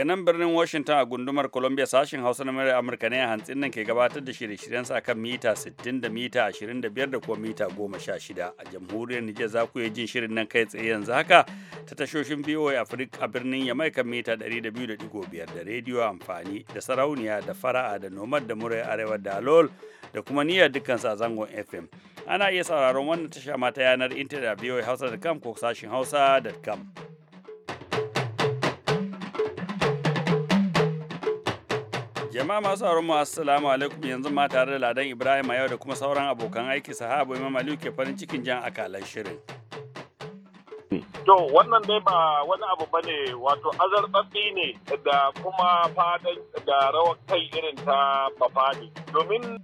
Daga nan birnin Washington a gundumar Columbia sashen Hausa na murar Amurka ne a hantsin nan ke gabatar da shirye-shiryen sa kan mita 60 da mita 25 da kuma mita 16. A jamhuriyar Nijar za ku yi jin shirin nan kai tsaye yanzu haka ta tashoshin VOA afirka a birnin Yamai kan mita 200.5 da rediyo amfani da sarauniya da fara'a da nomad da murai arewa da alol da kuma niyya dukkan a zangon FM. Ana iya sauraron wannan tasha mata yanar intanet a voahausa.com ko sashin hausa.com. Jama'a masu sauran mu assalamu alaikum yanzu ma tare da Ladan Ibrahim a yau da kuma sauran abokan aiki sahabo Imam Aliyu ke farin cikin jan akalan shirin. To wannan dai ba wani abu ba ne wato azarɓaɓɓi ne da kuma fadan da rawar kai irin ta bafani domin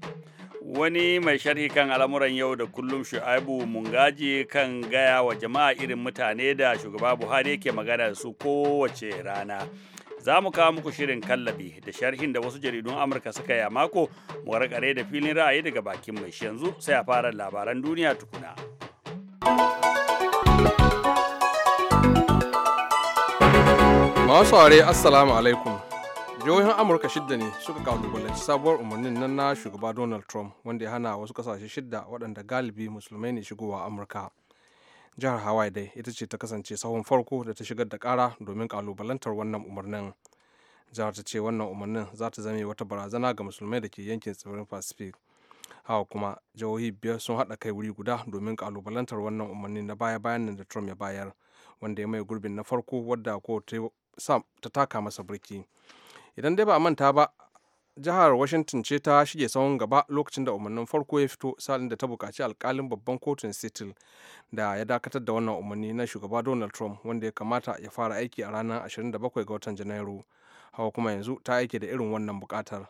Wani mai sharhi kan al'amuran yau da kullum Shu'aibu Mungaji kan gaya wa jama'a irin mutane da shugaba Buhari yake magana da su kowace rana. za mu kawo muku shirin kallabi da sharhin da wasu jaridun amurka suka yi a mako mu warkare da filin ra'ayi daga bakin mai shi yanzu sai a fara labaran duniya tukuna masuware assalamu alaikum jihohin amurka shidda ne suka kalubalanci sabuwar umarnin nan na shugaba donald trump wanda ya hana wasu kasashe shidda waɗanda galibi musulmai ne shigowa amurka jihar hawaii dai ita ce ta kasance tsawon farko da ta shigar da kara domin kalubalantar wannan umarnin jihar ta ce wannan umarnin za ta zame wata barazana ga musulmai da ke yankin tsibirin pacific hawa kuma jihohi biyar sun haɗa kai wuri guda domin kalubalantar wannan umarnin na baya-bayan nan da trump ya bayar wanda ya mai gurbin na farko wadda ko ta taka masa birki idan dai ba a manta ba jihar washington ce ta shige sahun gaba lokacin da umarnin farko ya fito sa'in da ta buƙaci alkalin babban kotun seattle da ya dakatar da wannan umarni na shugaba donald trump wanda ya kamata ya fara aiki a ranar 27 ga watan janairu hawa kuma yanzu ta aiki da irin wannan bukatar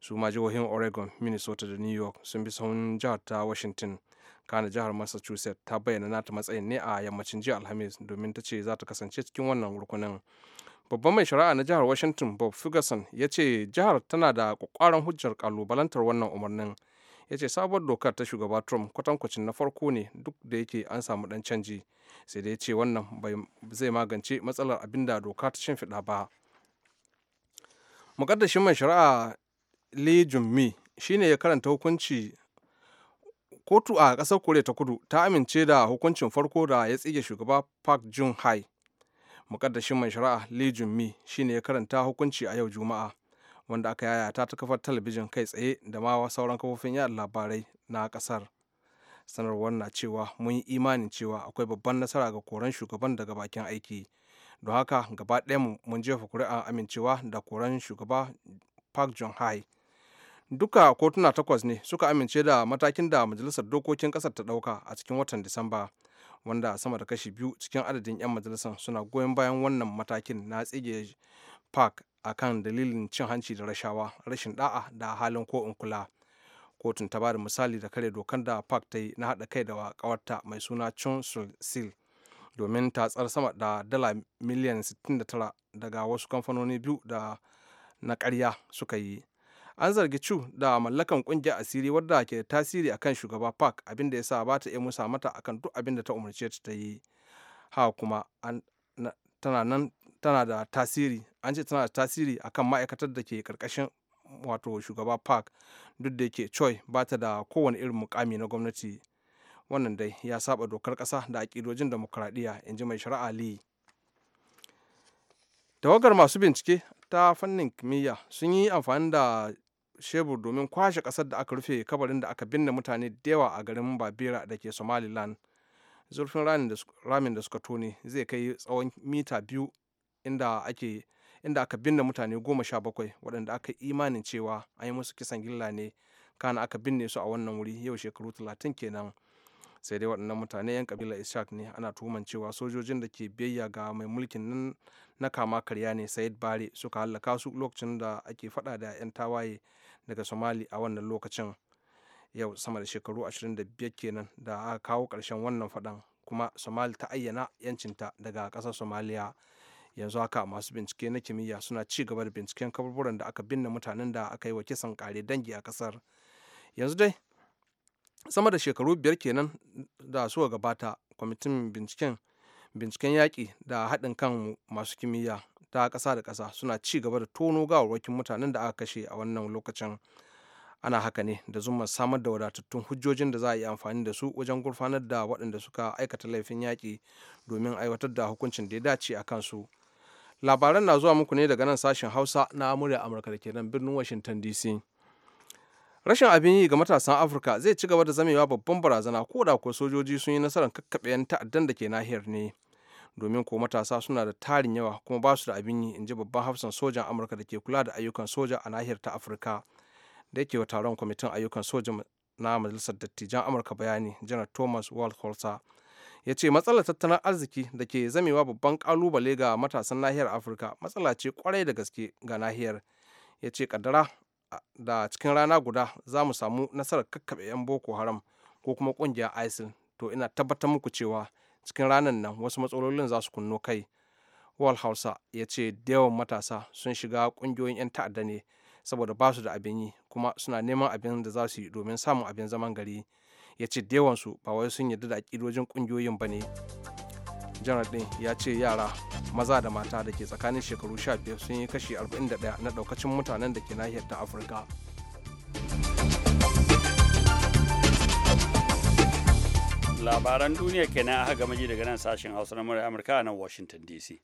su ma jihohin oregon minnesota da new york sun bi sahun jihar ta washington kana jihar massachusetts ta bayyana nata matsayin ne a yammacin jiya alhamis domin ta ce za ta kasance cikin wannan rukunin babban mai shari'a na jihar washington bob ferguson ya ce jihar tana da kwakwaran hujjar kalubalantar wannan umarnin ya ce sabuwar dokar ta shugaba trump kwatankwacin na farko ne duk da yake an samu dan canji sai da ya ce wannan zai magance matsalar abin da doka ta shimfiɗa ba mukaddashin mai shari'a lee junmi shine ya karanta hukunci kotu a ƙasar koriya ta kudu ta amince da hukuncin farko da ya tsige shugaba park jun hai mukaddashin mai shari'a lee jun shine ya karanta hukunci a yau juma'a wanda aka yayata ta kafar talabijin kai tsaye da ma sauran kafofin yada labarai na kasar sanarwar na cewa mun yi imanin cewa akwai babban nasara ga koran shugaban daga bakin aiki don haka gaba ɗaya mun jefa kuri'a amincewa da koran shugaba park jun hai duka kotuna takwas ne suka amince da matakin da majalisar dokokin kasar ta ɗauka a cikin watan disamba wanda sama da kashi biyu cikin adadin 'yan majalisar suna goyon bayan wannan matakin na tsige park a kan dalilin cin hanci da rashawa rashin da'a da halin ko in kula kotun ta ba da misali da kare dokar da park ta yi na haɗa kai da kawarta mai suna chun sil domin tatsar sama da dala miliyan 69 daga wasu kamfanoni biyu da na karya suka yi an zargi chu da mallakan kungiyar asiri wadda ke da tasiri akan shugaba park abinda ya sa ba ta iya musa mata akan duk abin da ta umarce ta ta yi ha kuma an, na, tana nan tana da tasiri an ce tana da tasiri akan ma'aikatar da ke karkashin wato shugaba park duk da yake choi ba ta da kowane irin mukami na gwamnati wannan dai ya saba dokar ƙasa da akidojin demokuraɗiyya in ji mai shari'a lee tawagar masu bincike ta fannin kimiyya sun yi amfani da shebur domin kwashe kasar da aka rufe kabarin da aka binne mutane da yawa a garin babira da ke somaliland zurfin ramin da suka tone zai kai tsawon mita biyu inda aka binne mutane goma sha bakwai waɗanda aka imanin cewa an yi musu kisan gilla ne kana aka binne su a wannan wuri yau shekaru talatin kenan sai dai waɗannan mutane 'yan kabila ishaq ne ana tuhuman cewa sojojin da ke biyayya ga mai mulkin nan na kama karya ne sayid bare suka hallaka su lokacin da ake fada da 'yan tawaye daga somali a wannan lokacin yau sama da shekaru 25 kenan da aka kawo karshen wannan faɗan kuma somali ta ayyana yancinta daga ƙasar somaliya yanzu haka masu bincike na kimiyya suna ci gaba da binciken kaburburan da aka binne mutanen da aka yi wa kisan kare dangi a ƙasar yanzu dai sama da shekaru biyar kenan da suka gabata kwamitin binciken binciken yaƙi da haɗin kan masu kimiyya ta ƙasa da ƙasa suna ci gaba da tono gawarwakin mutanen da aka kashe a wannan lokacin ana haka ne da zuma samar da wadatattun hujjojin da za a yi amfani da su wajen gurfanar da waɗanda suka aikata laifin yaƙi domin aiwatar da hukuncin da ya dace a kansu labaran na zuwa muku ne daga nan sashen hausa na amurya amurka da ke nan birnin washington dc rashin abin yi ga matasan afirka zai ci gaba da zamewa babban barazana ko da kuwa sojoji sun yi nasarar kakkaɓe 'yan ta'addan da ke nahiyar ne domin ko matasa suna da tarin yawa kuma ba su da abin yi in ji babban hafsan sojan amurka da ke kula da ayyukan soja a nahiyar ta afirka da yake wa taron kwamitin ayyukan soja na majalisar dattijan amurka bayani janar thomas walholzer ya ce matsalar tattalin arziki da ke zamewa babban kalubale ga matasan nahiyar afirka matsala ce kwarai da gaske ga nahiyar ya ce kaddara da cikin rana guda za mu samu nasarar kakkaɓe 'yan boko haram ko kuma ƙungiyar isil to ina tabbatar muku cewa cikin ranar nan wasu matsalolin za su kunno kai wal hausa ya ce da yawan matasa sun shiga kungiyoyin 'yan ta'adda ne saboda ba su da abin yi kuma suna neman abin da za su yi domin samun abin zaman gari ya ce da yawansu ba wai sun yarda da akidojin kungiyoyin ba ne janar ɗin ya ce yara maza da mata da ke tsakanin shekaru 15 sun yi kashi 41 na ɗaukacin mutanen da ke nahiyar ta afirka labaran duniya kenan a gama ji daga nan sashen hausa na murar amurka a nan washington dc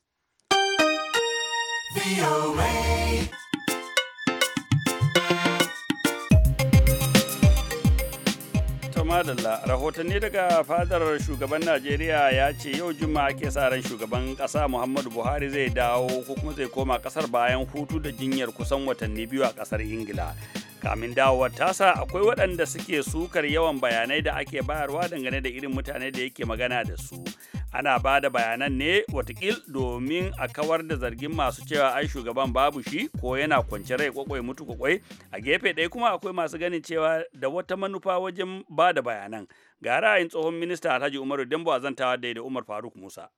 madalla rahotanni daga fadar shugaban najeriya ya ce yau juma'a ke sa ran shugaban kasa muhammadu buhari zai dawo ko kuma zai koma kasar bayan hutu da jinyar kusan watanni biyu a kasar ingila kamin dawowar tasa akwai waɗanda suke sukar yawan bayanai da ake bayarwa dangane da irin mutane da yake magana da su ana ba da bayanan ne watakil domin a kawar da zargin masu cewa ai shugaban babu shi ko yana kwance rai kwakwai mutu kwakwai a gefe ɗaya kuma akwai masu ganin cewa da wata manufa wajen ba da bayanan ga ra'ayin tsohon minista alhaji umaru dambo a tawa da umar faruk musa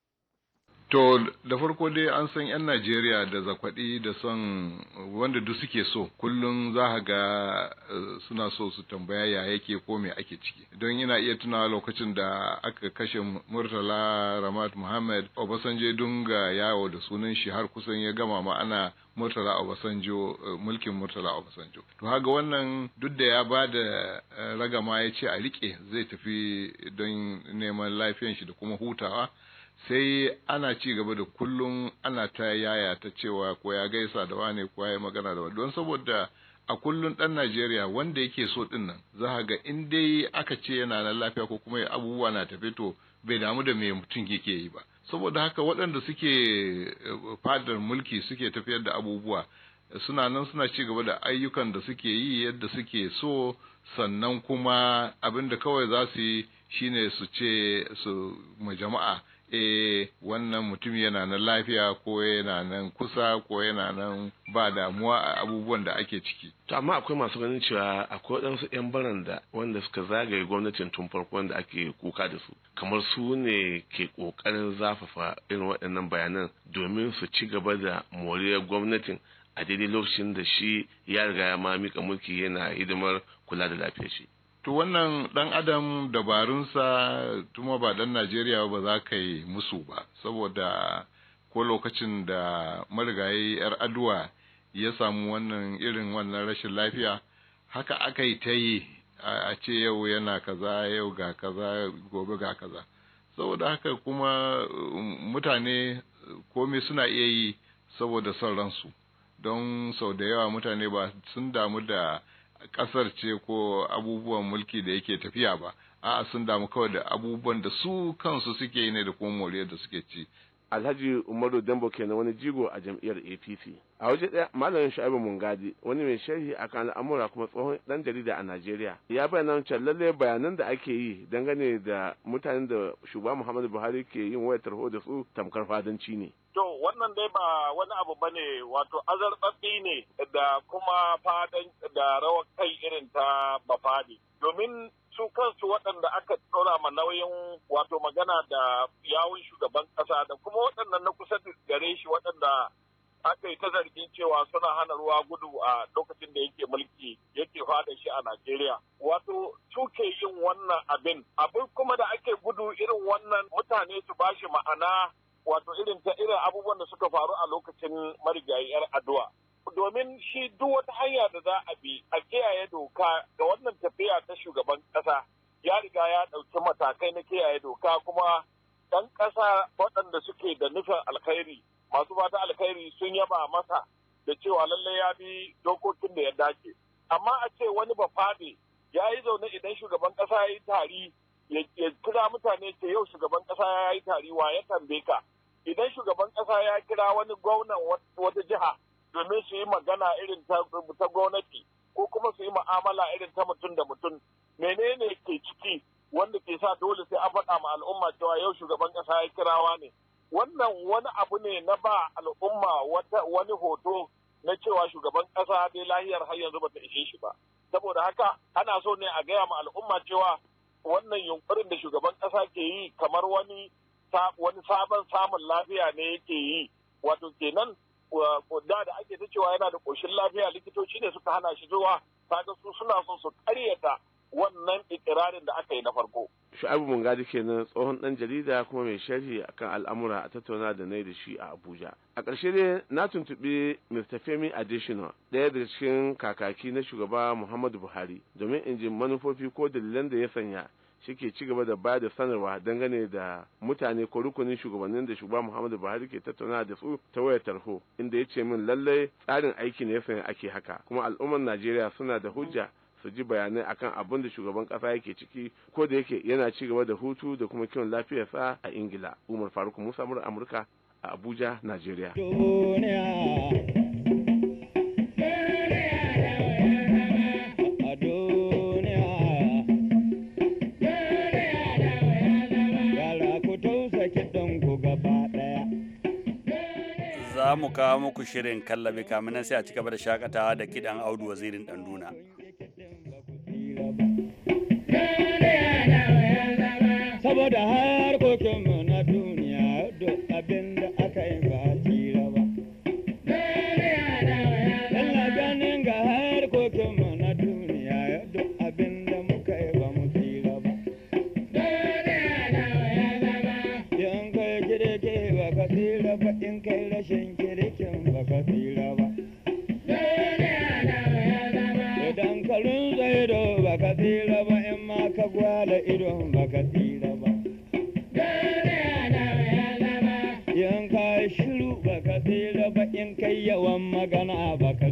To da farko dai an san 'yan Najeriya da zakwaɗi da son wanda duk suke so kullum za ga eh, suna so su tambaya ya yake ko me ake ciki. Don yana iya tunawa lokacin da aka kashe Murtala Ramat Muhammad Obasanjo dunga yawo da sunan shi har kusan ya gama ma'ana Murtala Obasanjo eh, mulkin Murtala Obasanjo. To haga wannan duk da ya ba da eh, ragama ya ce a riƙe zai tafi don neman lafiyan shi da kuma hutawa. sai ana ci gaba da kullum ana ta yaya ta cewa ko ya gaisa da wane ko ya magana da wani don saboda a kullum dan Najeriya wanda yake so din nan za ga in dai aka ce yana nan lafiya ko kuma abubuwa na tafi to bai damu da me mutum yake yi ba saboda haka waɗanda suke eh, fadar mulki suke tafiyar da abubuwa suna nan suna ci gaba da ayyukan da suke yi yadda suke so sannan kuma abin da kawai za su yi shine su ce su ma jama'a eh wannan mutum yana nan lafiya ko yana nan kusa ko yana nan ba damuwa a abubuwan da ake ciki. To amma akwai masu ganin cewa akwai waɗansu 'yan baran baranda wanda suka zagaye gwamnatin tun farko wanda ake kuka da su. Kamar su ne ke ƙoƙarin zafafa irin waɗannan bayanan domin su ci gaba da moriyar gwamnatin a daidai lokacin da shi ya riga ya ma mika mulki yana hidimar kula da lafiyar shi. to wannan dan adam dabarunsa tuma ba dan najeriya ba za ka yi musu ba saboda ko lokacin da marigayi yar aduwa ya samu wannan irin wannan rashin lafiya haka aka yi ta yi a ce yau yana kaza yau ga kaza gobe ga kaza saboda haka kuma um, mutane komai suna iya yi saboda son ransu don sau da yawa mutane ba sun damu da kasar ce ko abubuwan mulki da yake tafiya ba a'a sun damu kawai da abubuwan da su kansu suke yi ne da kuma moriyar da suke ci alhaji umaru dambo kenan wani jigo a jam'iyyar apc a waje ɗaya malamin sha'ibu mungadi wani mai sharhi a kan al'amura kuma tsohon ɗan jarida a najeriya ya bayyana wancan lallai bayanan da ake yi dangane da mutanen da shugaba muhammadu buhari ke yin wayar tarho da su tamkar fadanci ne to wannan dai ba wani abu ba ne wato azarɓaɓɓi ne da kuma fadan da rawar kai irin ta bafadi domin su kansu waɗanda aka ɗora ma nauyin wato magana da yawun shugaban ƙasa da kuma waɗannan na kusa gare shi waɗanda aka yi ta zargin cewa suna hana ruwa gudu a lokacin da yake mulki yake fada shi a Najeriya. Wato suke yin wannan abin. Abin kuma da ake gudu irin wannan mutane su bashi ma'ana wato irin ta irin abubuwan da suka faru a lokacin marigayi 'yar addu'a. domin shi duk wata hanya da za a bi a kiyaye doka ga wannan tafiya ta shugaban kasa ya riga ya ɗauki matakai na kiyaye doka kuma ɗan ƙasa waɗanda suke da nufin alkhairi masu fata alkhairi sun yaba masa da cewa lallai ya bi dokokin da ya dace amma a ce wani faɗi ya yi zaune idan shugaban ƙasa ya yi tari ya kira mutane ce yau shugaban ƙasa ya yi tari wa ya tambaye ka idan shugaban ƙasa ya kira wani gwamnan wata jiha domin su yi magana irin ta gwamnati ko kuma su yi ma'amala irin ta mutum da mutum menene ke ciki wanda ke sa dole sai a faɗa ma al'umma cewa yau shugaban ƙasa ya kirawa ne wannan wani abu ne na ba al'umma wani hoto na cewa shugaban ƙasa dai lahiyar har yanzu ta ishe shi ba saboda haka ana so ne a gaya ma al'umma cewa wannan yunkurin da shugaban ƙasa ke yi kamar wani wani sabon samun lafiya ne yake yi wato kenan kudda da ake ta cewa yana da koshin lafiya likitoci ne suka hana shi zuwa kaga su suna son su karyata wannan ikirarin da aka yi na farko. Shu'abu Mungadi kenan tsohon ɗan jarida kuma mai sharhi akan al'amura a tattauna da na da shi a Abuja. A ƙarshe dai na tuntuɓi Mr. Femi Adesina ɗaya daga cikin kakaki na shugaba Muhammadu Buhari domin in ji manufofi ko dalilan da ya sanya shike ci gaba da ba da sanarwa dangane da mutane ko rukunin shugabannin da shugaba Muhammadu Buhari ke tattauna da su ta wayar tarho inda ya ce min lallai tsarin aiki ne sanya ake haka kuma al'ummar Najeriya suna da hujja su ji bayanai akan abin da shugaban kasa yake ciki ko da yake yana ci gaba da hutu da kuma kiwon lafiyarsa a Ingila Umar Faruk Musa Amurka a Abuja Najeriya mu kawo muku shirin kallabi kamin nan sai a cigaba da shakatawa da kidan audu wazirin danduna. Saboda mu magana baka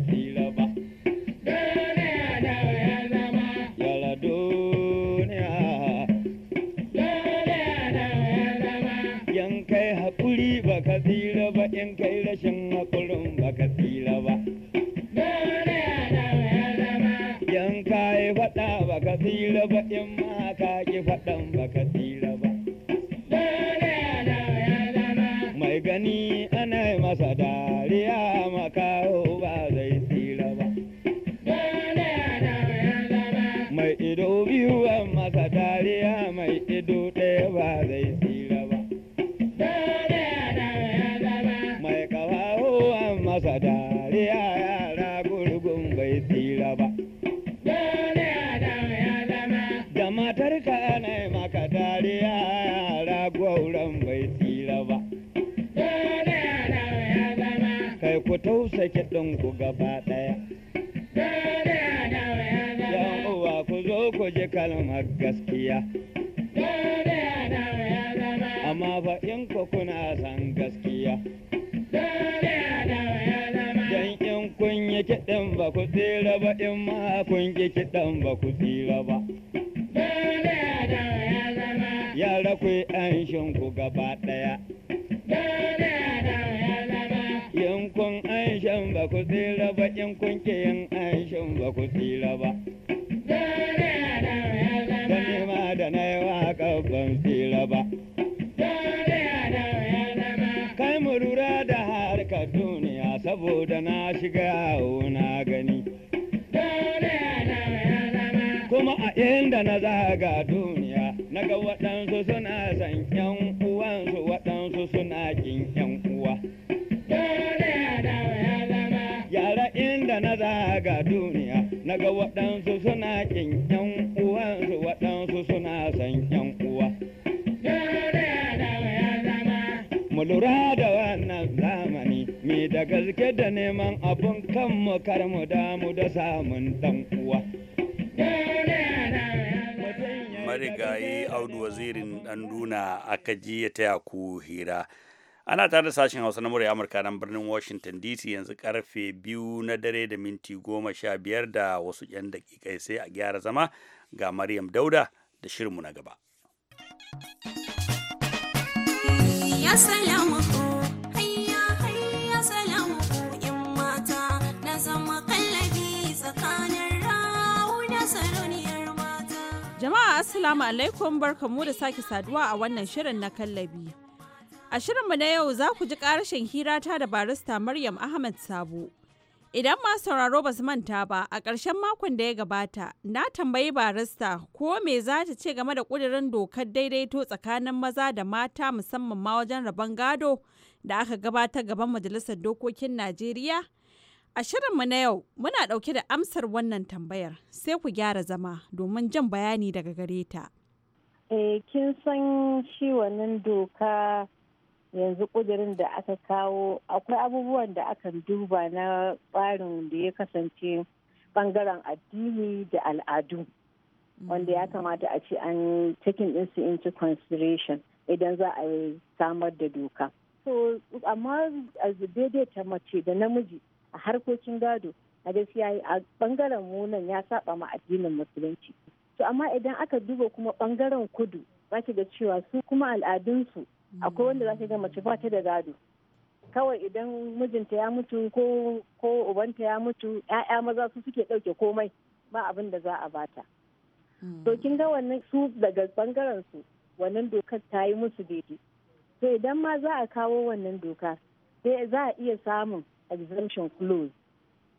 gaskiya dan in kun yi kiɗan ba ku tsira ba in ma kun ki kiɗan ba ku tsira ba yara ku an shin ku gaba ɗaya in kun an shan ba ku tsira ba in kun ki yin an shan ba ku tsira ba da nema da na yi wa ban tsira ba yau da na shiga na gani kuma a inda na zaga duniya na ga waɗansu suna san yan uwansu waɗansu suna kin yan uwa yara inda na zaga duniya na ga waɗansu suna kin yan uwansu waɗansu suna san yan uwa mu lura da da gaske da neman abun kanmu kar damu da samun dan uwa marigayi audu wazirin ɗanduna aka ji ya taya ku hira ana tare da sashen hausa na murya amurka nan birnin washington dc yanzu karfe biyu na dare da minti goma sha biyar da wasu 'yan dakikai sai a gyara zama ga maryam dauda da shirinmu na gaba ya salamu Jama'a Assalamu alaikum barkamu da sake saduwa a wannan shirin na kallabi. A shirinmu na yau za ku ji ƙarashin hirata da barista Maryam Ahmad Sabo. Idan ma sauraro ba su manta ba a ƙarshen makon da ya gabata na tambayi barista ko me za ta ce game da ƙudurin dokar daidaito tsakanin maza da mata musamman ma wajen rabon gado da aka gabatar gaban majalisar dokokin Najeriya A shirinmu na yau muna ɗauke da amsar wannan tambayar sai ku gyara zama domin jan bayani daga gare ta. Eh, kin san shi wannan doka yanzu ƙudurin da aka kawo akwai abubuwan da aka duba na tsarin da ya kasance bangaren addini da al'adu wanda ya kamata a ce an taking ɗinsu into consideration idan za a samar da doka. So, amma daidai ta mace da namiji a harkokin gado a gaskiya a bangaren mu nan ya saba ma addinin musulunci to amma idan aka duba kuma bangaren kudu za ki ga cewa su kuma al'adunsu akwai wanda za ka ga mace ba ta da gado kawai idan mijinta ya mutu ko ko ubanta ya mutu ƴaƴa maza su suke ɗauke komai ba abin da za a bata to hmm. kin ga wannan su daga bangaren su wannan dokar ta yi musu daidai to idan ma za a kawo wannan doka sai za a iya samun exemption clause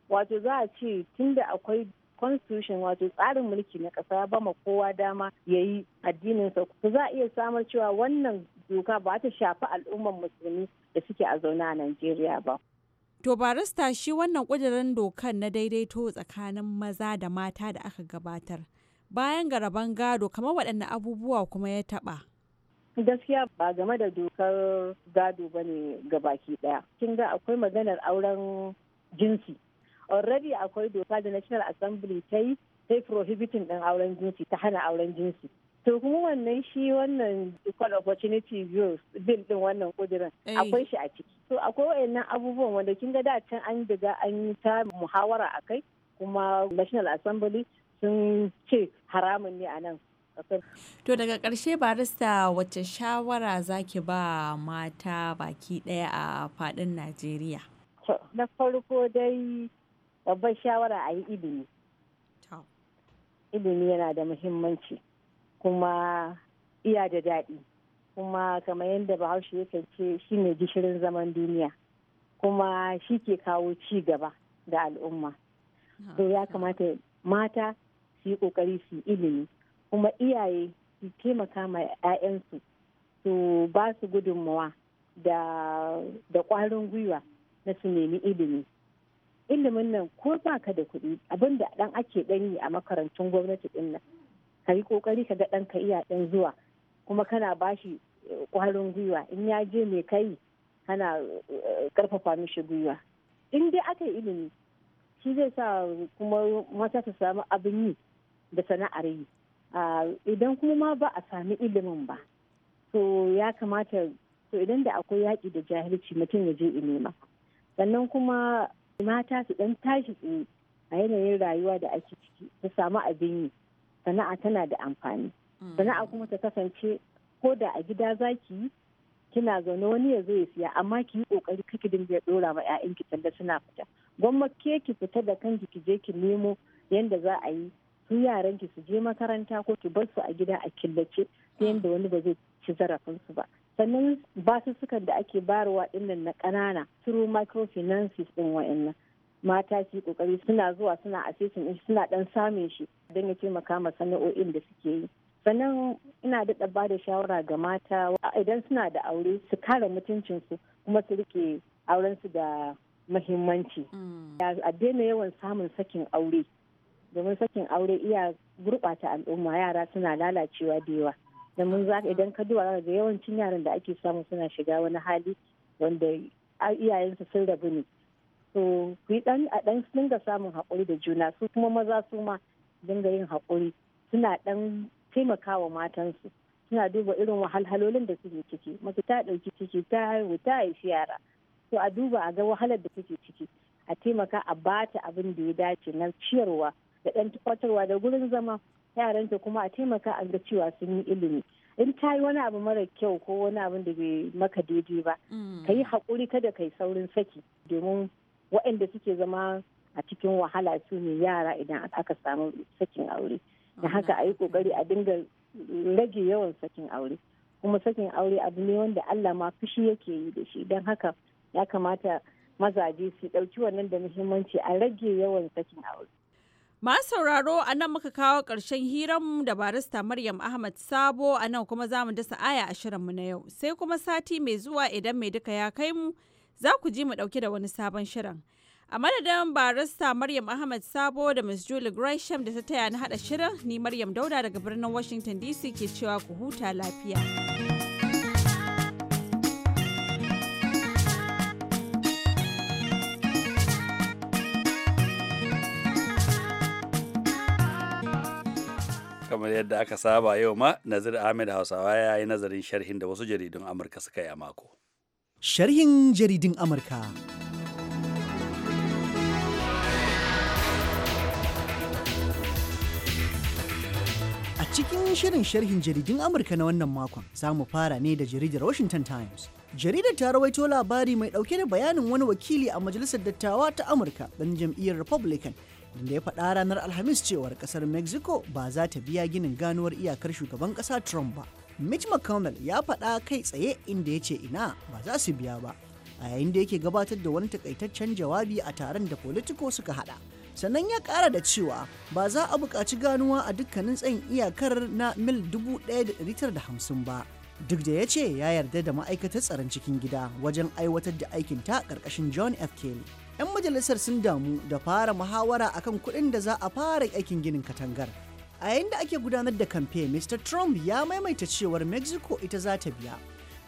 wato za a ce tunda akwai constitution wato tsarin mulki na ƙasa ya bama kowa dama ya yi addininsa ku za a iya samar cewa wannan doka ba ta shafi al'ummar musulmi da suke a zaune a Najeriya ba. To barista shi wannan ƙudurin dokan na daidaito tsakanin maza da mata da aka gabatar. Bayan garaban gado kamar waɗanne abubuwa kuma ya taɓa. gaskiya ba game da dokar gado ba ne ga baki daya kin ga akwai maganar auren jinsi already akwai doka da national assembly ta yi ta prohibiting din auren jinsi ta hana auren jinsi to kuma wannan shi wannan equal opportunity bills bill din wannan kudirin eh. akwai shi a ciki to akwai wayannan abubuwan wanda kin ga da can an diga an yi ta muhawara akai kuma national assembly sun ce haramun ne a nan kasar. To daga ƙarshe barista wacce shawara zaki ba mata baki ɗaya a faɗin Najeriya? Na farko dai babbar shawara a yi ilimi. Ilimi yana da muhimmanci kuma iya da daɗi kuma kamar yadda bahaushe yake ce ne gishirin zaman duniya kuma shi ke kawo ci gaba ga al'umma. To ya kamata mata su yi ƙoƙari su ilimi kuma iyaye su taimaka ma 'ya'yansu su ba su gudunmawa da kwarin gwiwa na su nemi ilimi ilimin nan ko ba ka da kuɗi abin da ɗan ake ɗanyi a makarantun gwamnati ɗin nan ka yi ƙoƙari ka ga ɗan ka iya ɗan zuwa kuma kana ba shi eh, ƙwarin gwiwa in ya je mai kai kana eh, ƙarfafa mishi gwiwa in dai aka yi ilimi shi zai sa kuma mata su samu abin yi da sana'ar yi idan kuma ma ba a sami ilimin ba to ya kamata to idan da akwai yaƙi da jahilci mutum ya je ilima sannan kuma mata su ɗan tashi tsaye a yanayin rayuwa da ake ciki su samu abin yi sana'a tana da amfani mm. sana'a kuma ta kasance ko da a gida za ki yi kina zaune wani ya zo ya siya amma ki yi kokari kiki dinga ya ɗora ma ƴaƴan ki talla suna fita gwamma ke ki fita da kanki ki je ki nemo yanda za a yi su yaran ki su je makaranta ko ki bar su a gida a killace ta hmm. yadda wani ba zai ci zarafin su ba sannan basussukan da ake barwa dinnan na ƙanana through microfinances din wa'annan mata su kokari suna zuwa suna asesin shi. suna dan samun shi don ya taimaka ma sana'o'in da suke yi sannan ina daɗa ba da shawara ga mata idan suna da aure su kare mutuncinsu kuma su rike aurensu da muhimmanci. Hmm. a daina yawan samun sakin aure domin sakin aure iya gurɓata al'umma yara suna lalacewa da yawa da mun za idan ka duba da yawancin yaran da ake samu suna shiga wani hali wanda iyayensu sun rabu ne so ku yi dan a dan dinga samun haƙuri da juna su kuma maza su ma dinga yin haƙuri suna dan taimakawa matansu suna duba irin wahalhalolin da suke ciki mace ta ɗauki ciki ta haihu ta haifi yara to a duba a ga wahalar da suke ciki a taimaka a bata abin da ya dace na ciyarwa da ɗan tufatarwa da gurin zama yaranta kuma a taimaka a ga cewa sun yi ilimi in ta yi wani abu mara kyau ko wani abu da bai maka daidai ba mm. ka yi haƙuri kada ka yi saurin saki domin waɗanda suke zama a cikin wahala su ne yara idan aka samu sakin aure da haka a yi ƙoƙari a dinga rage yawan sakin aure kuma sakin aure abu ne wanda Allah ma fushi yake yi da shi don haka ya kamata mazaje su ɗauki wannan da muhimmanci a rage yawan sakin aure Masu sauraro a nan muka kawo ƙarshen hiranmu da barista Maryam Ahmad Sabo a nan kuma za mu dasa aya a mu na yau. Sai kuma sati mai zuwa idan mai duka ya kai mu za ku ji mu ɗauke da wani sabon shirin. A madadin barista Maryam Ahmad Sabo da Miss Julie Gresham da ta taya na haɗa shirin ni Maryam Dauda daga birnin Washington DC ke cewa ku huta lafiya. kamar yadda aka saba yau ma Nazir Ahmed Hausawa ya yi nazarin sharhin da wasu jaridun Amurka suka yi a mako. Sharhin jaridun Amurka. A cikin shirin sharhin jaridun Amurka na wannan makon za mu fara ne da jaridar Washington Times. jaridar ta rawaito labari mai ɗauke da bayanin wani wakili a majalisar dattawa ta amurka ɗan jam'iyyar republican inda ya faɗa ranar alhamis cewar ƙasar mexico ba za ta biya ginin ganuwar iyakar shugaban ƙasa trump ba mitch mcconnell ya faɗa kai tsaye inda ya ce ina ba za su biya ba a yayin da yake gabatar da wani takaitaccen jawabi a taron da politico suka haɗa, sannan ya ƙara da cewa ba za a buƙaci ganuwa a dukkanin tsayin iyakar na mil hamsin ba duk da ya ce ya yarda da ma'aikatar tsaron cikin gida wajen aiwatar da aikinta ƙarƙashin john f kelly 'yan majalisar sun damu da fara muhawara akan kuɗin da za a fara aikin ginin katangar a yayin da ake gudanar da kamfe mr trump ya maimaita cewar mexico ita za ta biya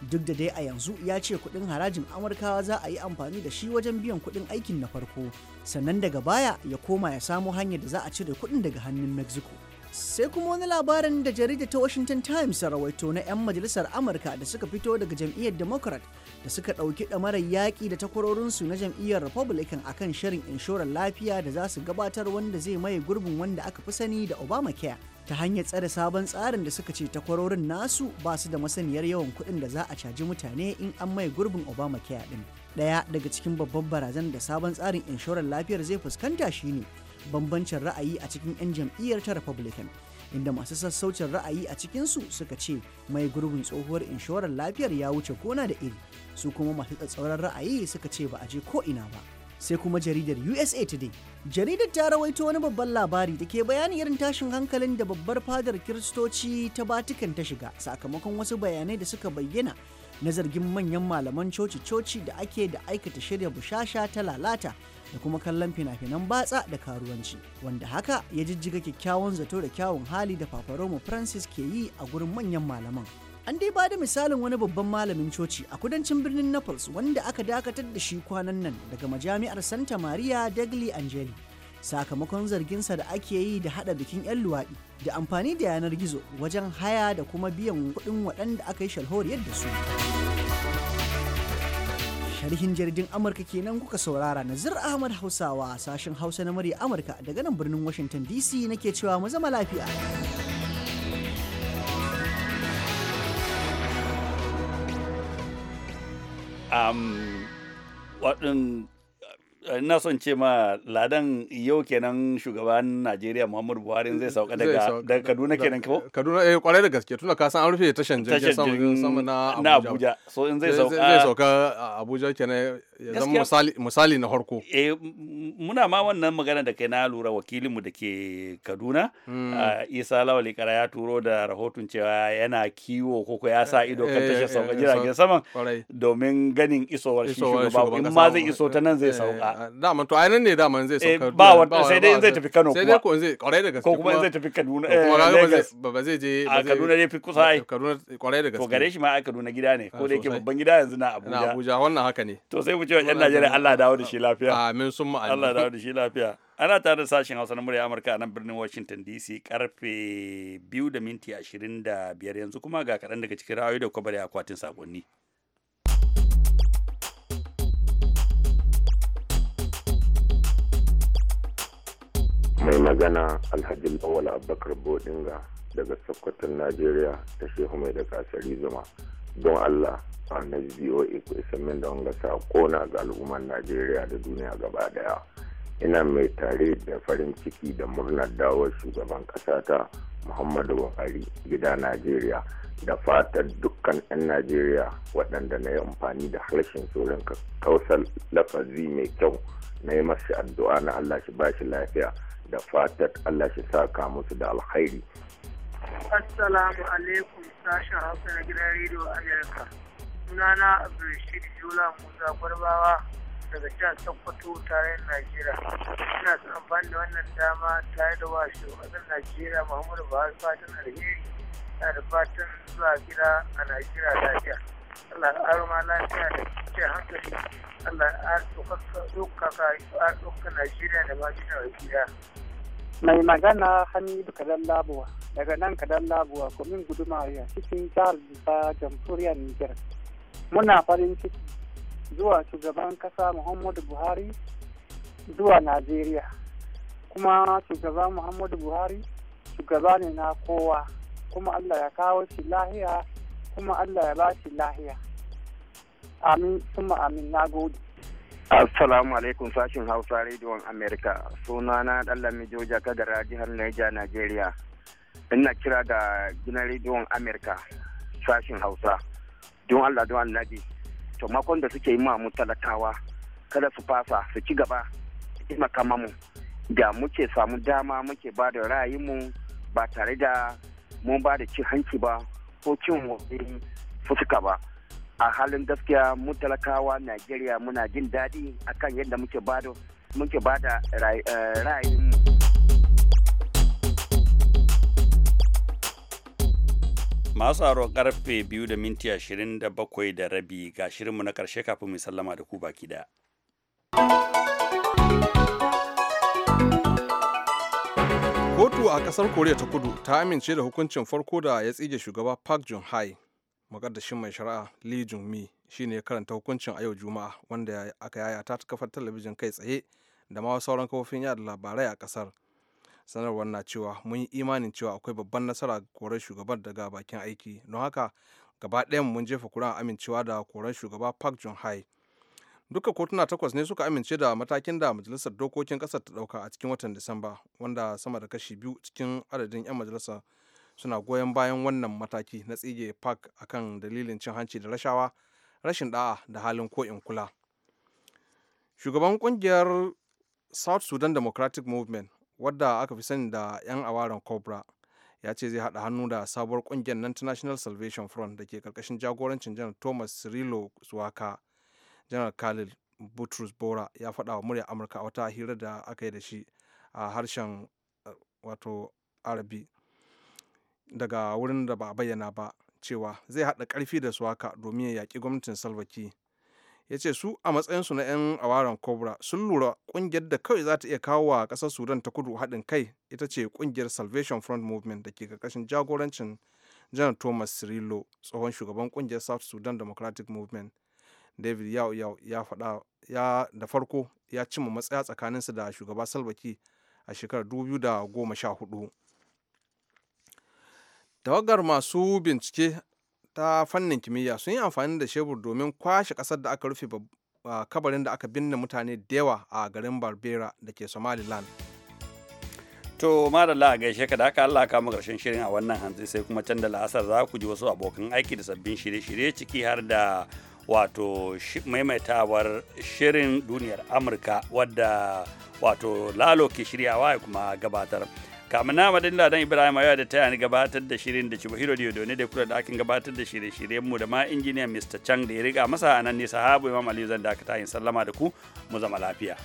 duk da dai a yanzu ya ce kuɗin harajin amurkawa za a yi amfani da shi wajen biyan kuɗin aikin na farko sannan daga baya ya koma ya samo hanyar da za a cire kuɗin daga hannun mexico sai kuma wani labarin da jarida ta washington times rawaito na 'yan majalisar amurka da suka fito daga jam'iyyar democrat da suka ɗauki ɗamarar yaƙi da takwarorinsu na jam'iyyar republican akan shirin inshorar lafiya da za su gabatar wanda zai maye gurbin wanda aka fi sani da obamacare ta hanyar tsare sabon tsarin da suka ce takwarorin nasu ba su da masaniyar yawan kuɗin da za a caji mutane in an maye gurbin obamacare ɗin ɗaya daga cikin babban barazan da sabon tsarin inshorar lafiyar zai fuskanta shine bambancin ra'ayi a cikin 'yan jam'iyyar ta republican inda masu sassaucin ra'ayi a cikinsu suka ce mai gurbin tsohuwar inshorar lafiyar ya wuce gona da iri su kuma masu tsatsauran ra'ayi suka ce ba a je ko ina ba sai kuma jaridar usa today jaridar ta rawaito wani babban labari da ke bayani irin tashin hankalin da babbar fadar kiristoci ta batikan ta shiga sakamakon wasu bayanai da suka bayyana na zargin manyan malaman coci-coci da ake da aikata shirya bushasha ta lalata da kuma kallon fina-finan batsa da karuwanci wanda haka ya jijjiga kyakkyawan zato da kyawun hali da fafaroma francis ke yi a gurin manyan malaman an dai ba da misalin wani babban malamin coci a kudancin birnin naples wanda aka dakatar da shi kwanan nan daga majami'ar santa maria degli angeli sakamakon zarginsa da ake yi da hada bikin 'yan luwaɗi da amfani da yanar gizo wajen haya da kuma biyan kuɗin waɗanda aka yi shalhoriyar da su. sharhin jaridin amurka kenan kuka saurara nazir ahmad hausawa sashen hausa na murya amurka daga nan birnin washington dc nake cewa mu zama lafiya um, Eh, ina son ce ma ladan yau kenan shugaban Najeriya Muhammadu Buhari zai sauka daga daga Kaduna kenan ko Kaduna eh kwarai da gaske tunda ka san an rufe tashan jirgin sama na Abuja so in zai eh, sauka zai sauka Abuja kenan ya zama misali, na harko e, muna ma wannan magana da kai na lura wakilinmu da ke kaduna mm. uh, isa lawali kara ya turo da rahoton cewa yana kiwo koko ya sa eh, ido kan eh, tashar sauka jiragen saman domin ganin isowar shi shugaba in ma zai iso ta nan zai sauka daman to ainihin ne daman zai sauka ba wa sai dai in zai tafi kano kuma ko in zai da ko kuma in zai tafi kaduna kuma ba zai je a kaduna dai fi kusa ai kaduna da to gare shi ma a kaduna gida ne ko da yake ah, babban gida yanzu na abuja na abuja wannan haka ne to sai cewa yan Najeriya Allah dawo da shi lafiya amin sun ma'ani Allah dawo da shi lafiya ana tare da sashen Hausa na murya Amurka a nan birnin Washington DC karfe 2 da minti 25 yanzu kuma ga kaɗan daga cikin ra'ayoyi da kwabar akwatin sakonni mai magana alhaji lawal abubakar bodinga daga sokoton najeriya ta shehu mai da kasari zuma don Allah annabi VOA ku isa min da wanga na ga al'ummar Najeriya da duniya gaba daya. Ina mai tare da farin ciki da murnar dawar shugaban ƙasa ta Muhammadu Buhari gida Najeriya da fatar dukkan 'yan Najeriya waɗanda na yi amfani da harshen tsoron kausar lafazi mai kyau na yi masu addu'a na Allah shi ba shi lafiya da fatar Allah shi saka musu da alkhairi Assalamu alaikum sashen Hausa na gidan rediyo Amerika. Sunana Abdulrashid jula, Musa Gwarbawa daga jihar Sokoto tarayyar Najeriya. Ina son amfani da wannan dama tare da washe wasan Najeriya Muhammadu Buhari fatan alheri na da fatan zuwa gida a Najeriya lafiya. Allah ya ma lafiya da cikin hankali. Allah ya ɗaukaka Najeriya da ma gida. Mai magana Hamidu Kalallabuwa. daga nan kadan labuwa kumin guduma a cikin jihar ta jamhuriyar niger muna farin ciki zuwa shugaban kasa muhammadu buhari zuwa najeriya kuma shugaba muhammadu buhari shugaba ne na kowa kuma allah ya kawo shi lahiya kuma allah ya ba shi lahiya amin suma amin na gode Assalamu alaikum sashin Hausa rediyon Amerika. Sunana dan Joja Kadara jihar Niger Nigeria. ina kira da gidan rediyon amerika sashin hausa don allah don annabi to makon da suke yi mu talakawa kada su fasa su ci gaba su taimaka mamu da muke samu dama muke ba da ra'ayinmu ba tare da mun ba da cin hanci ba ko cin wani fuska ba a halin gaskiya mu talakawa najeriya muna jin daɗi akan yadda muke ba da eh, ra'ayinmu masu aro karfe biyu da minti ashirin da bakwai da rabi ga shirinmu na karshe kafin mu sallama da ku baki da. kotu a kasar koriya ta kudu ta amince da hukuncin farko da ya tsige shugaba park jun hai makaddashin mai shari'a lee jun mi shine ya karanta hukuncin a yau juma'a wanda aka yayata ta kafar talabijin kai tsaye da ma sauran kafofin yada labarai a kasar sanarwar na cewa mun yi imanin cewa akwai babban nasara ga shugaban daga bakin aiki don haka gaba ɗayan mun jefa kuran amincewa da koren shugaba park jun hai duka kotuna takwas ne suka amince da matakin da majalisar dokokin kasar ta ɗauka a cikin watan disamba wanda sama da kashi biyu cikin adadin 'yan majalisa suna goyon bayan wannan mataki na tsige park akan dalilin cin hanci da rashawa rashin da'a da halin ko'in kula shugaban kungiyar south sudan democratic movement wadda aka fi sani da 'yan awaren cobra ya ce zai haɗa hannu da sabuwar ƙungiyar international salvation front da ke karkashin jagorancin janar thomas cirilo suwaka janar khalil butrus bora ya faɗa wa murya amurka a wata hira da aka yi da shi a harshen eh, wato arabi daga wurin da ba a bayyana ba cewa zai haɗa karfi da suwaka domin ya yaki gwamnatin salvaki ya ce su a matsayin su na 'yan awaran cobra sun lura kungiyar da kawai za ta iya kawo wa kasar sudan ta kudu haɗin kai ita ce kungiyar salvation front movement da ke ƙarƙashin jagorancin janar thomas cirillo tsohon shugaban kungiyar south sudan democratic movement david yau yau ya faɗa ya da farko ya cimma matsaya tsakanin su da shugaba salbaki a shekarar 2014 tawagar masu bincike ta fannin kimiyya sun yi amfani da shebur domin kwashe kasar da aka rufe kabarin da aka binne mutane da yawa a garin Barbera da ke Somaliland. To madalla a gaishe ka da haka Allah kama karshen shirin a wannan hantsi sai kuma can da la'asar za ku ji wasu abokan aiki da sabbin shirye-shirye ciki har da wato maimaitawar shirin duniyar Amurka wadda wato lalo ke shiryawa ya kuma gabatar. kamar na madin ladan ibrahim ayo da taya ni gabatar da shirin da cibahiro ne da kula da akin gabatar da shirye-shiryen mu da ma injiniya mr chang da ya riga masa a nan ne sahabu imam aliyu zan dakata yin sallama da ku mu zama lafiya